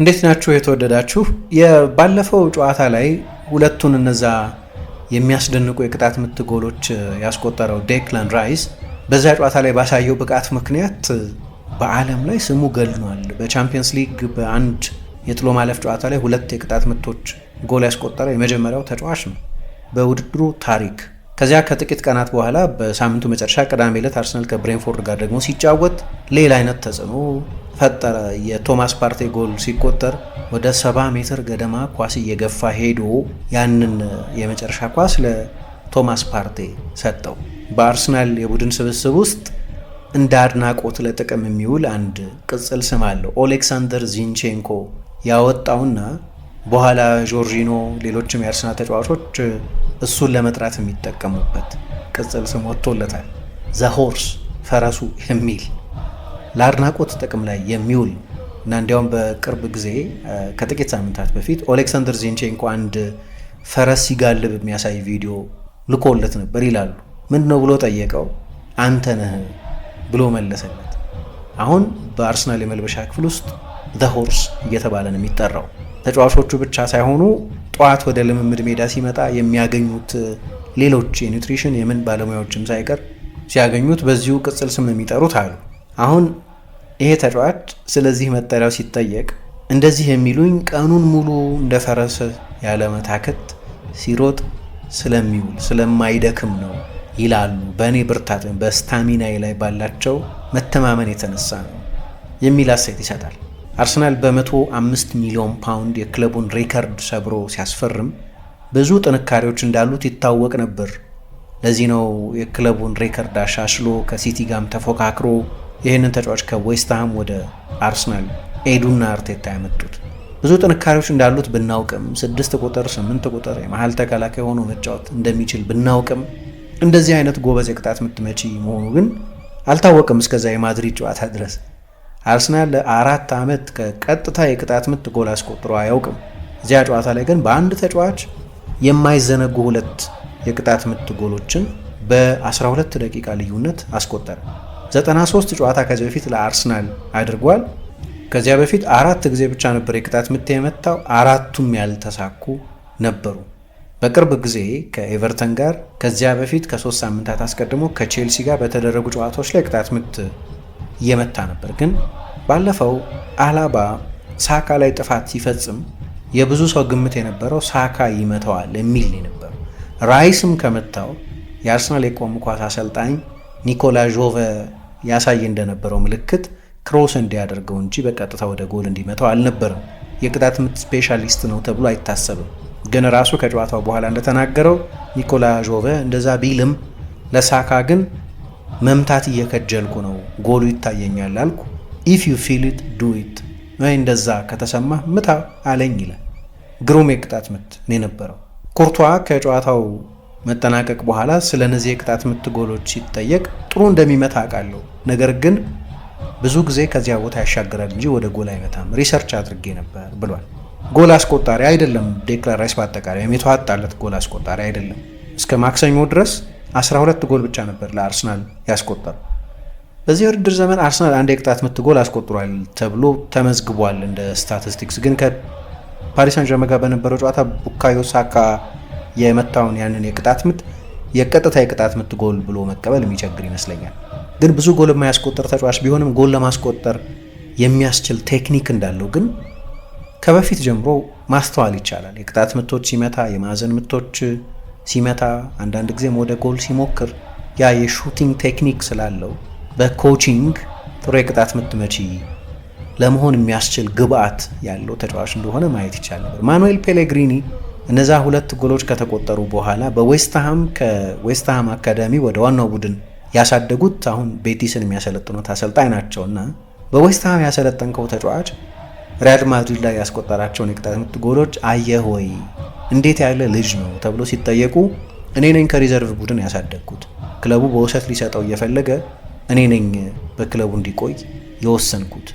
እንዴት ናችሁ የተወደዳችሁ? ባለፈው ጨዋታ ላይ ሁለቱን እነዛ የሚያስደንቁ የቅጣት ምት ጎሎች ያስቆጠረው ዴክላን ራይስ በዛ ጨዋታ ላይ ባሳየው ብቃት ምክንያት በዓለም ላይ ስሙ ገልኗል። በቻምፒየንስ ሊግ በአንድ የጥሎ ማለፍ ጨዋታ ላይ ሁለት የቅጣት ምቶች ጎል ያስቆጠረ የመጀመሪያው ተጫዋች ነው በውድድሩ ታሪክ። ከዚያ ከጥቂት ቀናት በኋላ በሳምንቱ መጨረሻ ቅዳሜ ዕለት አርሰናል ከብሬንፎርድ ጋር ደግሞ ሲጫወት ሌላ አይነት ተጽዕኖ ፈጠረ። የቶማስ ፓርቴ ጎል ሲቆጠር ወደ 70 ሜትር ገደማ ኳስ እየገፋ ሄዶ ያንን የመጨረሻ ኳስ ለቶማስ ፓርቴ ሰጠው። በአርሰናል የቡድን ስብስብ ውስጥ እንደ አድናቆት ለጥቅም የሚውል አንድ ቅጽል ስም አለው። ኦሌክሳንደር ዚንቼንኮ ያወጣውና በኋላ ጆርጂኖ፣ ሌሎችም የአርሰናል ተጫዋቾች እሱን ለመጥራት የሚጠቀሙበት ቅጽል ስም ወጥቶለታል። ዘሆርስ ፈረሱ የሚል ለአድናቆት ጥቅም ላይ የሚውል እና እንዲያውም በቅርብ ጊዜ ከጥቂት ሳምንታት በፊት ኦሌክሳንደር ዚንቼንኮ አንድ ፈረስ ሲጋልብ የሚያሳይ ቪዲዮ ልኮለት ነበር ይላሉ። ምንድን ነው ብሎ ጠየቀው። አንተ ነህ ብሎ መለሰለት። አሁን በአርሰናል የመልበሻ ክፍል ውስጥ ዘ ሆርስ እየተባለ ነው የሚጠራው። ተጫዋቾቹ ብቻ ሳይሆኑ ጠዋት ወደ ልምምድ ሜዳ ሲመጣ የሚያገኙት ሌሎች የኒውትሪሽን የምን ባለሙያዎችም ሳይቀር ሲያገኙት በዚሁ ቅጽል ስም ነው የሚጠሩት አሉ። አሁን ይሄ ተጫዋች ስለዚህ መጠሪያው ሲጠየቅ እንደዚህ የሚሉኝ ቀኑን ሙሉ እንደ ፈረሰ ያለ መታከት ሲሮጥ ስለሚውል ስለማይደክም ነው ይላሉ። በእኔ ብርታት በስታሚናዬ ላይ ባላቸው መተማመን የተነሳ ነው የሚል አስተያየት ይሰጣል። አርሰናል በ አምስት ሚሊዮን ፓውንድ የክለቡን ሪከርድ ሰብሮ ሲያስፈርም ብዙ ጥንካሬዎች እንዳሉት ይታወቅ ነበር። ለዚህ ነው የክለቡን ሬከርድ አሻሽሎ ከሲቲ ጋም ተፎካክሮ ይህንን ተጫዋች ከዌስትሃም ወደ አርሰናል ኤዱና አርቴታ ያመጡት ብዙ ጥንካሬዎች እንዳሉት ብናውቅም ስድስት ቁጥር ስምንት ቁጥር የመሀል ተከላካይ ሆኖ መጫወት እንደሚችል ብናውቅም እንደዚህ አይነት ጎበዝ የቅጣት ምት መቺ መሆኑ ግን አልታወቅም። እስከዛ የማድሪድ ጨዋታ ድረስ አርሰናል ለአራት ዓመት ከቀጥታ የቅጣት ምት ጎል አስቆጥሮ አያውቅም። እዚያ ጨዋታ ላይ ግን በአንድ ተጫዋች የማይዘነጉ ሁለት የቅጣት ምት ጎሎችን በ12 ደቂቃ ልዩነት አስቆጠረ። 93 ጨዋታ ከዚህ በፊት ለአርሰናል አድርጓል። ከዚያ በፊት አራት ጊዜ ብቻ ነበር የቅጣት ምት የመታው፣ አራቱም ያልተሳኩ ነበሩ። በቅርብ ጊዜ ከኤቨርተን ጋር፣ ከዚያ በፊት ከሶስት ሳምንታት አስቀድሞ ከቼልሲ ጋር በተደረጉ ጨዋታዎች ላይ ቅጣት ምት እየመታ ነበር። ግን ባለፈው አላባ ሳካ ላይ ጥፋት ሲፈጽም የብዙ ሰው ግምት የነበረው ሳካ ይመታዋል የሚል ነበር። ራይስም ከመታው የአርሰናል የቆሙ ኳስ አሰልጣኝ ኒኮላ ጆቨ ያሳይ እንደነበረው ምልክት ክሮስ እንዲያደርገው እንጂ በቀጥታ ወደ ጎል እንዲመታው አልነበረም። የቅጣት ምት ስፔሻሊስት ነው ተብሎ አይታሰብም። ግን ራሱ ከጨዋታው በኋላ እንደተናገረው ኒኮላ ጆቨ እንደዛ ቢልም ለሳካ ግን መምታት እየከጀልኩ ነው፣ ጎሉ ይታየኛል አልኩ። ኢፍ ዩ ፊል ኢት ዱ ኢት፣ እንደዛ ከተሰማ ምታ አለኝ ይላል። ግሩም የቅጣት ምት ነው የነበረው። ኩርቷ ከጨዋታው መጠናቀቅ በኋላ ስለ እነዚህ የቅጣት ምት ጎሎች ሲጠየቅ ጥሩ እንደሚመታ አውቃለሁ፣ ነገር ግን ብዙ ጊዜ ከዚያ ቦታ ያሻግራል እንጂ ወደ ጎል አይመታም፣ ሪሰርች አድርጌ ነበር ብሏል። ጎል አስቆጣሪ አይደለም ዴክላን ራይስ በአጠቃላይ ወይም የተዋጣለት ጎል አስቆጣሪ አይደለም። እስከ ማክሰኞ ድረስ 12 ጎል ብቻ ነበር ለአርሰናል ያስቆጠሩ። በዚህ ውድድር ዘመን አርሰናል አንድ የቅጣት ምት ጎል አስቆጥሯል ተብሎ ተመዝግቧል እንደ ስታቲስቲክስ። ግን ከፓሪስ ሳን ዠርመን ጋር በነበረው ጨዋታ ቡካዮ ሳካ የመታውን ያንን የቅጣት ምት የቀጥታ የቅጣት ምት ጎል ብሎ መቀበል የሚቸግር ይመስለኛል። ግን ብዙ ጎል የማያስቆጠር ተጫዋች ቢሆንም ጎል ለማስቆጠር የሚያስችል ቴክኒክ እንዳለው ግን ከበፊት ጀምሮ ማስተዋል ይቻላል። የቅጣት ምቶች ሲመታ፣ የማዕዘን ምቶች ሲመታ፣ አንዳንድ ጊዜም ወደ ጎል ሲሞክር ያ የሹቲንግ ቴክኒክ ስላለው በኮቺንግ ጥሩ የቅጣት ምት መቺ ለመሆን የሚያስችል ግብአት ያለው ተጫዋች እንደሆነ ማየት ይቻል ነበር። ማኑኤል ፔሌግሪኒ እነዛ ሁለት ጎሎች ከተቆጠሩ በኋላ በዌስትሃም ከዌስትሃም አካዳሚ ወደ ዋናው ቡድን ያሳደጉት አሁን ቤቲስን የሚያሰለጥኑት አሰልጣኝ ናቸው እና በዌስትሃም ያሰለጠንከው ተጫዋች ሪያል ማድሪድ ላይ ያስቆጠራቸውን የቅጣት ጎሎች አየህ ወይ? እንዴት ያለ ልጅ ነው ተብሎ ሲጠየቁ እኔ ነኝ ከሪዘርቭ ቡድን ያሳደግኩት፣ ክለቡ በውሰት ሊሰጠው እየፈለገ እኔ ነኝ በክለቡ እንዲቆይ የወሰንኩት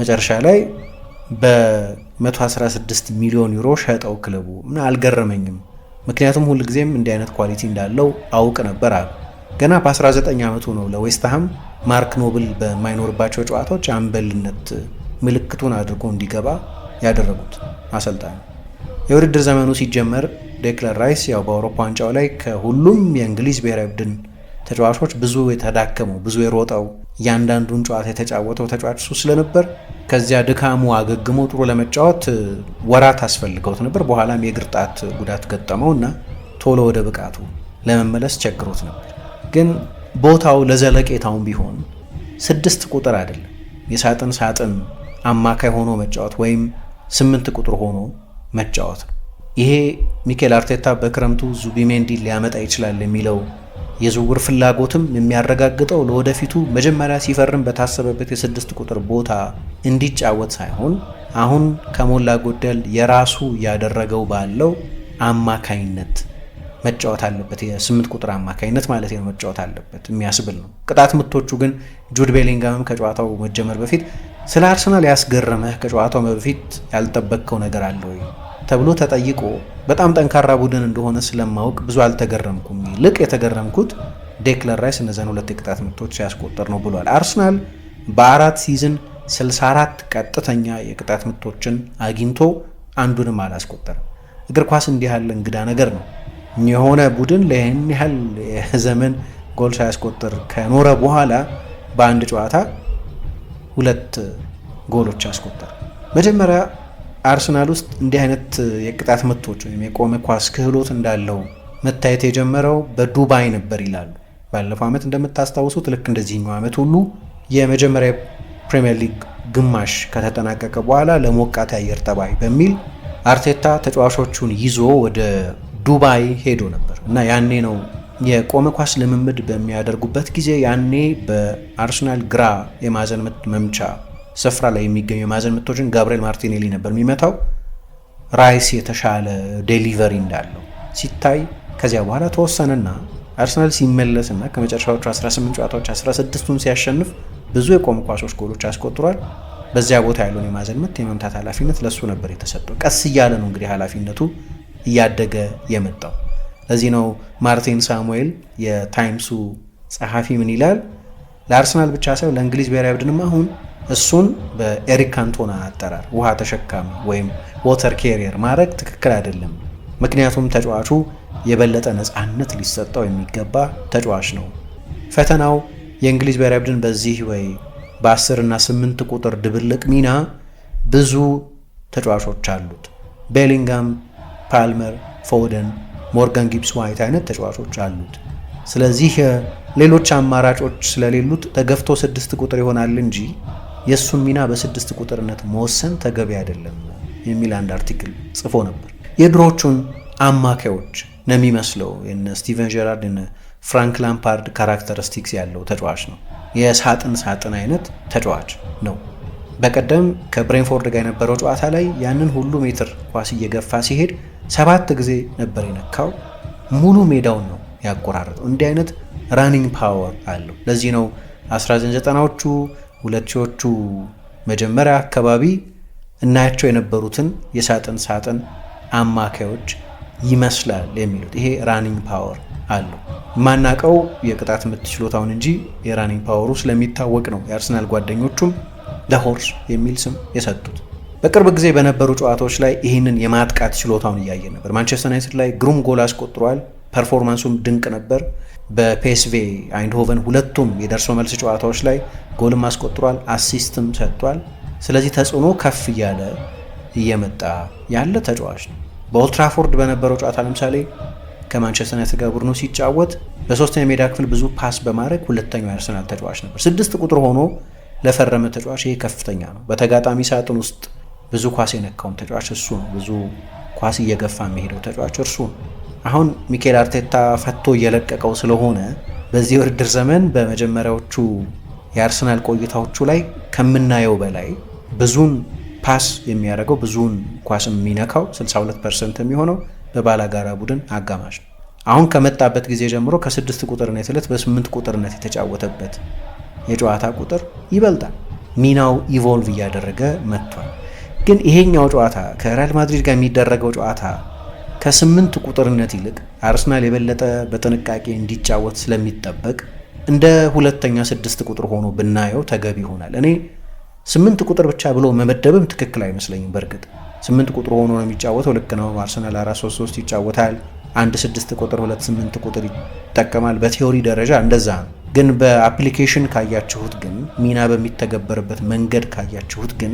መጨረሻ ላይ በ116 ሚሊዮን ዩሮ ሸጠው ክለቡ ምን አልገረመኝም፣ ምክንያቱም ሁልጊዜም እንዲህ አይነት ኳሊቲ እንዳለው አውቅ ነበር አሉ። ገና በ19 ዓመቱ ነው ለዌስትሃም ማርክ ኖብል በማይኖርባቸው ጨዋታዎች አንበልነት ምልክቱን አድርጎ እንዲገባ ያደረጉት አሰልጣኝ። የውድድር ዘመኑ ሲጀመር ዴክለን ራይስ ያው በአውሮፓ ዋንጫው ላይ ከሁሉም የእንግሊዝ ብሔራዊ ቡድን ተጫዋቾች ብዙ የተዳከመው ብዙ የሮጠው እያንዳንዱን ጨዋታ የተጫወተው ተጫዋች እሱ ስለነበር ከዚያ ድካሙ አገግሞ ጥሩ ለመጫወት ወራት አስፈልገውት ነበር። በኋላም የእግር ጣት ጉዳት ገጠመው እና ቶሎ ወደ ብቃቱ ለመመለስ ቸግሮት ነበር። ግን ቦታው ለዘለቄታውም ቢሆን ስድስት ቁጥር አይደለም የሳጥን ሳጥን አማካይ ሆኖ መጫወት ወይም ስምንት ቁጥር ሆኖ መጫወት ነው። ይሄ ሚኬል አርቴታ በክረምቱ ዙቢሜንዲ ሊያመጣ ይችላል የሚለው የዝውውር ፍላጎትም የሚያረጋግጠው ለወደፊቱ መጀመሪያ ሲፈርም በታሰበበት የስድስት ቁጥር ቦታ እንዲጫወት ሳይሆን አሁን ከሞላ ጎደል የራሱ ያደረገው ባለው አማካይነት መጫወት አለበት። የስምንት ቁጥር አማካይነት ማለት ነው መጫወት አለበት የሚያስብል ነው። ቅጣት ምቶቹ ግን ጁድ ቤሊንጋምም ከጨዋታው መጀመር በፊት ስለ አርሰናል ያስገረመህ ከጨዋታው በፊት ያልጠበቅከው ነገር አለ ወይ ተብሎ ተጠይቆ በጣም ጠንካራ ቡድን እንደሆነ ስለማወቅ ብዙ አልተገረምኩም። ይልቅ የተገረምኩት ዴክለር ራይስ እነዚያን ሁለት የቅጣት ምቶች ሲያስቆጠር ነው ብሏል። አርሰናል በአራት ሲዝን 64 ቀጥተኛ የቅጣት ምቶችን አግኝቶ አንዱንም አላስቆጠርም። እግር ኳስ እንዲህ ያለ እንግዳ ነገር ነው። የሆነ ቡድን ለይህን ያህል ዘመን ጎል ሳያስቆጥር ከኖረ በኋላ በአንድ ጨዋታ ሁለት ጎሎች አስቆጠር መጀመሪያ አርሰናል ውስጥ እንዲህ አይነት የቅጣት ምቶች ወይም የቆመ ኳስ ክህሎት እንዳለው መታየት የጀመረው በዱባይ ነበር ይላሉ። ባለፈው ዓመት እንደምታስታውሱት ልክ እንደዚህኛው ዓመት ሁሉ የመጀመሪያ ፕሪምየር ሊግ ግማሽ ከተጠናቀቀ በኋላ ለሞቃት የአየር ጠባይ በሚል አርቴታ ተጫዋቾቹን ይዞ ወደ ዱባይ ሄዶ ነበር እና ያኔ ነው የቆመ ኳስ ልምምድ በሚያደርጉበት ጊዜ ያኔ በአርሰናል ግራ የማዕዘን ምት መምቻ ስፍራ ላይ የሚገኙ የማዕዘን ምቶችን ጋብሪኤል ማርቲኔሊ ነበር የሚመታው። ራይስ የተሻለ ዴሊቨሪ እንዳለው ሲታይ ከዚያ በኋላ ተወሰነና አርሰናል ሲመለስና ከመጨረሻዎቹ 18 ጨዋታዎች 16ቱን ሲያሸንፍ ብዙ የቆሙ ኳሶች ጎሎች አስቆጥሯል። በዚያ ቦታ ያለውን የማዕዘን ምት የመምታት ኃላፊነት ለሱ ነበር የተሰጠው። ቀስ እያለ ነው እንግዲህ ኃላፊነቱ እያደገ የመጣው። ለዚህ ነው ማርቲን ሳሙኤል የታይምሱ ጸሐፊ ምን ይላል፣ ለአርሰናል ብቻ ሳይሆን ለእንግሊዝ ብሔራዊ ቡድንም አሁን እሱን በኤሪክ ካንቶና አጠራር ውሃ ተሸካሚ ወይም ዎተር ኬሪየር ማድረግ ትክክል አይደለም። ምክንያቱም ተጫዋቹ የበለጠ ነፃነት ሊሰጠው የሚገባ ተጫዋች ነው። ፈተናው የእንግሊዝ ብሔራዊ ቡድን በዚህ ወይ በ10 እና 8 ቁጥር ድብልቅ ሚና ብዙ ተጫዋቾች አሉት። ቤሊንጋም፣ ፓልመር፣ ፎደን፣ ሞርጋን ጊብስ ዋይት አይነት ተጫዋቾች አሉት። ስለዚህ ሌሎች አማራጮች ስለሌሉት ተገፍቶ ስድስት ቁጥር ይሆናል እንጂ የእሱን ሚና በስድስት ቁጥርነት መወሰን ተገቢ አይደለም የሚል አንድ አርቲክል ጽፎ ነበር። የድሮቹን አማካዮች ነው የሚመስለው። የነ ስቲቨን ጀራርድ የነ ፍራንክ ላምፓርድ ካራክተሪስቲክስ ያለው ተጫዋች ነው። የሳጥን ሳጥን አይነት ተጫዋች ነው። በቀደም ከብሬንፎርድ ጋር የነበረው ጨዋታ ላይ ያንን ሁሉ ሜትር ኳስ እየገፋ ሲሄድ ሰባት ጊዜ ነበር የነካው። ሙሉ ሜዳውን ነው ያቆራረጠው። እንዲህ አይነት ራኒንግ ፓወር አለው። ለዚህ ነው 1990ዎቹ ሁለት ሺዎቹ መጀመሪያ አካባቢ እናያቸው የነበሩትን የሳጥን ሳጥን አማካዮች ይመስላል የሚሉት ይሄ ራኒንግ ፓወር አለው። የማናቀው የቅጣት ምት ችሎታውን እንጂ የራኒንግ ፓወሩ ስለሚታወቅ ነው የአርሰናል ጓደኞቹም ለሆርስ የሚል ስም የሰጡት። በቅርብ ጊዜ በነበሩ ጨዋታዎች ላይ ይህንን የማጥቃት ችሎታውን እያየ ነበር። ማንቸስተር ዩናይትድ ላይ ግሩም ጎል አስቆጥሯል። ፐርፎርማንሱም ድንቅ ነበር። በፔስቬ አይንድሆቨን ሁለቱም የደርሶ መልስ ጨዋታዎች ላይ ጎልም አስቆጥሯል፣ አሲስትም ሰጥቷል። ስለዚህ ተጽዕኖ ከፍ እያለ እየመጣ ያለ ተጫዋች ነው። በኦልትራፎርድ በነበረው ጨዋታ ለምሳሌ ከማንቸስተር ዩናይትድ ጋር ቡድኑ ሲጫወት በሶስተኛ ሜዳ ክፍል ብዙ ፓስ በማድረግ ሁለተኛው የአርሰናል ተጫዋች ነበር። ስድስት ቁጥር ሆኖ ለፈረመ ተጫዋች ይሄ ከፍተኛ ነው። በተጋጣሚ ሳጥን ውስጥ ብዙ ኳስ የነካውም ተጫዋች እሱ ነው። ብዙ ኳስ እየገፋ የሚሄደው ተጫዋች እርሱ ነው። አሁን ሚኬል አርቴታ ፈቶ እየለቀቀው ስለሆነ በዚህ ውድድር ዘመን በመጀመሪያዎቹ የአርሰናል ቆይታዎቹ ላይ ከምናየው በላይ ብዙን ፓስ የሚያደርገው ብዙን ኳስ የሚነካው 62 ፐርሰንት የሚሆነው በባላጋራ ቡድን አጋማሽ ነው። አሁን ከመጣበት ጊዜ ጀምሮ ከስድስት ቁጥርነት በ በስምንት ቁጥርነት የተጫወተበት የጨዋታ ቁጥር ይበልጣል። ሚናው ኢቮልቭ እያደረገ መጥቷል። ግን ይሄኛው ጨዋታ ከሪያል ማድሪድ ጋር የሚደረገው ጨዋታ ከስምንት ቁጥርነት ይልቅ አርሰናል የበለጠ በጥንቃቄ እንዲጫወት ስለሚጠበቅ እንደ ሁለተኛ ስድስት ቁጥር ሆኖ ብናየው ተገቢ ይሆናል። እኔ ስምንት ቁጥር ብቻ ብሎ መመደብም ትክክል አይመስለኝም። በእርግጥ ስምንት ቁጥር ሆኖ ነው የሚጫወተው። ልክ ነው። አርሰናል አራት ሶስት ሶስት ይጫወታል። አንድ ስድስት ቁጥር፣ ሁለት ስምንት ቁጥር ይጠቀማል። በቴዎሪ ደረጃ እንደዛ ነው። ግን በአፕሊኬሽን ካያችሁት ግን ሚና በሚተገበርበት መንገድ ካያችሁት ግን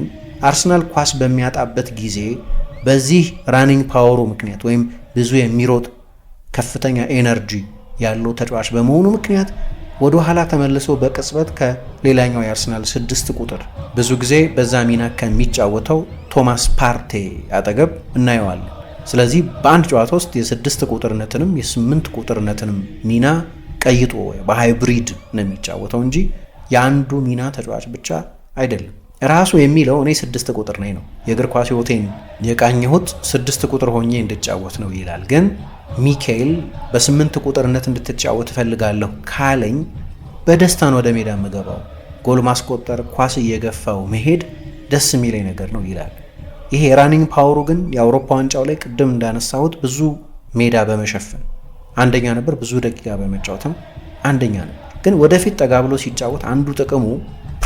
አርሰናል ኳስ በሚያጣበት ጊዜ በዚህ ራኒንግ ፓወሩ ምክንያት ወይም ብዙ የሚሮጥ ከፍተኛ ኤነርጂ ያለው ተጫዋች በመሆኑ ምክንያት ወደ ኋላ ተመልሶ በቅጽበት ከሌላኛው የአርሰናል ስድስት ቁጥር ብዙ ጊዜ በዛ ሚና ከሚጫወተው ቶማስ ፓርቴ አጠገብ እናየዋለን። ስለዚህ በአንድ ጨዋታ ውስጥ የስድስት ቁጥርነትንም የስምንት ቁጥርነትንም ሚና ቀይጦ በሃይብሪድ ነው የሚጫወተው እንጂ የአንዱ ሚና ተጫዋች ብቻ አይደለም። ራሱ የሚለው እኔ ስድስት ቁጥር ነኝ ነው። የእግር ኳስ ህይወቴን የቃኘሁት ስድስት ቁጥር ሆኜ እንድጫወት ነው ይላል። ግን ሚካኤል በስምንት ቁጥርነት እንድትጫወት እፈልጋለሁ ካለኝ በደስታን ወደ ሜዳ የምገባው ጎል ማስቆጠር፣ ኳስ እየገፋው መሄድ ደስ የሚለኝ ነገር ነው ይላል። ይሄ የራኒንግ ፓወሩ ግን የአውሮፓ ዋንጫው ላይ ቅድም እንዳነሳሁት ብዙ ሜዳ በመሸፈን አንደኛ ነበር፣ ብዙ ደቂቃ በመጫወትም አንደኛ ነበር። ግን ወደፊት ጠጋ ብሎ ሲጫወት አንዱ ጥቅሙ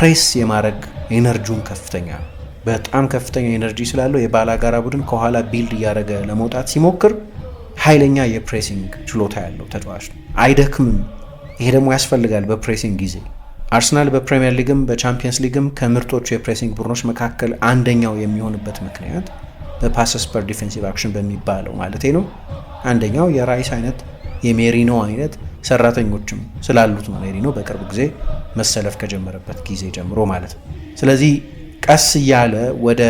ፕሬስ የማድረግ ኤነርጂውን ከፍተኛ ነው። በጣም ከፍተኛ ኤነርጂ ስላለው የባላጋራ ቡድን ከኋላ ቢልድ እያደረገ ለመውጣት ሲሞክር ኃይለኛ የፕሬሲንግ ችሎታ ያለው ተጫዋች ነው። አይደክምም። ይሄ ደግሞ ያስፈልጋል በፕሬሲንግ ጊዜ። አርሰናል በፕሪምየር ሊግም በቻምፒየንስ ሊግም ከምርጦቹ የፕሬሲንግ ቡድኖች መካከል አንደኛው የሚሆንበት ምክንያት በፓሰስ ፐር ዲፌንሲቭ አክሽን በሚባለው ማለት ነው። አንደኛው የራይስ አይነት የሜሪኖ አይነት ሰራተኞችም ስላሉት ነው ሜሪኖ በቅርብ ጊዜ መሰለፍ ከጀመረበት ጊዜ ጀምሮ ማለት ነው። ስለዚህ ቀስ እያለ ወደ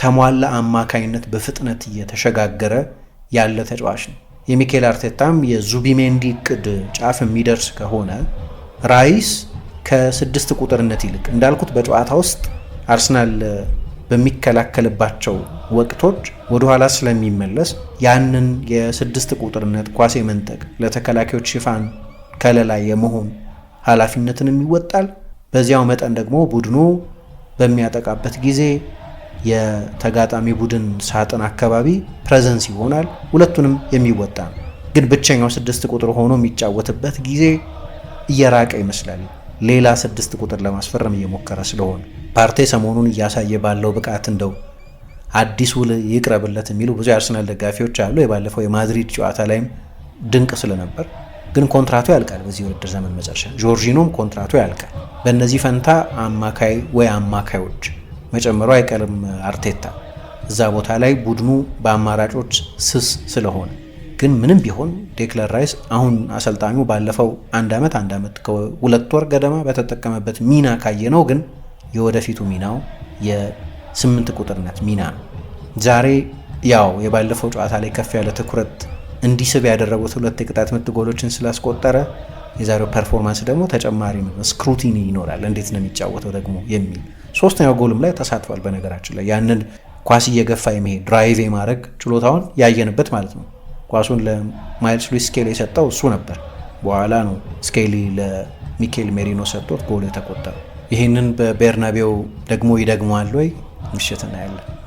ተሟላ አማካይነት በፍጥነት እየተሸጋገረ ያለ ተጫዋች ነው። የሚኬል አርቴታም የዙቢሜንዲ እቅድ ጫፍ የሚደርስ ከሆነ ራይስ ከስድስት ቁጥርነት ይልቅ እንዳልኩት በጨዋታ ውስጥ አርሰናል በሚከላከልባቸው ወቅቶች ወደኋላ ስለሚመለስ ያንን የስድስት ቁጥርነት ኳስ መንጠቅ ለተከላካዮች ሽፋን ከለላ የመሆን ኃላፊነትንም ይወጣል። በዚያው መጠን ደግሞ ቡድኑ በሚያጠቃበት ጊዜ የተጋጣሚ ቡድን ሳጥን አካባቢ ፕሬዘንስ ይሆናል። ሁለቱንም የሚወጣ ነው። ግን ብቸኛው ስድስት ቁጥር ሆኖ የሚጫወትበት ጊዜ እየራቀ ይመስላል። ሌላ ስድስት ቁጥር ለማስፈረም እየሞከረ ስለሆነ ፓርቴ ሰሞኑን እያሳየ ባለው ብቃት እንደው አዲስ ውል ይቅረብለት የሚሉ ብዙ የአርሰናል ደጋፊዎች አሉ። የባለፈው የማድሪድ ጨዋታ ላይም ድንቅ ስለነበር ግን ኮንትራቱ ያልቃል። በዚህ ውድድር ዘመን መጨረሻ ጆርጂኖም ኮንትራቱ ያልቃል። በእነዚህ ፈንታ አማካይ ወይ አማካዮች መጨመሩ አይቀርም። አርቴታ እዛ ቦታ ላይ ቡድኑ በአማራጮች ስስ ስለሆነ ግን ምንም ቢሆን ዴክለር ራይስ አሁን አሰልጣኙ ባለፈው አንድ ዓመት አንድ ዓመት ከሁለት ወር ገደማ በተጠቀመበት ሚና ካየ ነው ግን የወደፊቱ ሚናው ስምንት ቁጥር ናት ሚና ዛሬ ያው የባለፈው ጨዋታ ላይ ከፍ ያለ ትኩረት እንዲስብ ያደረጉት ሁለት የቅጣት ምት ጎሎችን ስላስቆጠረ የዛሬው ፐርፎርማንስ ደግሞ ተጨማሪ ነው፣ ስክሩቲኒ ይኖራል። እንዴት ነው የሚጫወተው ደግሞ የሚል ሶስተኛው ጎልም ላይ ተሳትፏል። በነገራችን ላይ ያንን ኳስ እየገፋ የመሄድ ድራይቭ የማድረግ ችሎታውን ያየንበት ማለት ነው። ኳሱን ለማይልስ ሉዊስ ስኬሊ የሰጠው እሱ ነበር። በኋላ ነው ስኬሊ ለሚኬል ሜሪኖ ሰጥቶት ጎል የተቆጠረው። ይህንን በቤርናቤው ደግሞ ይደግመዋል ወይ? 你学出来了。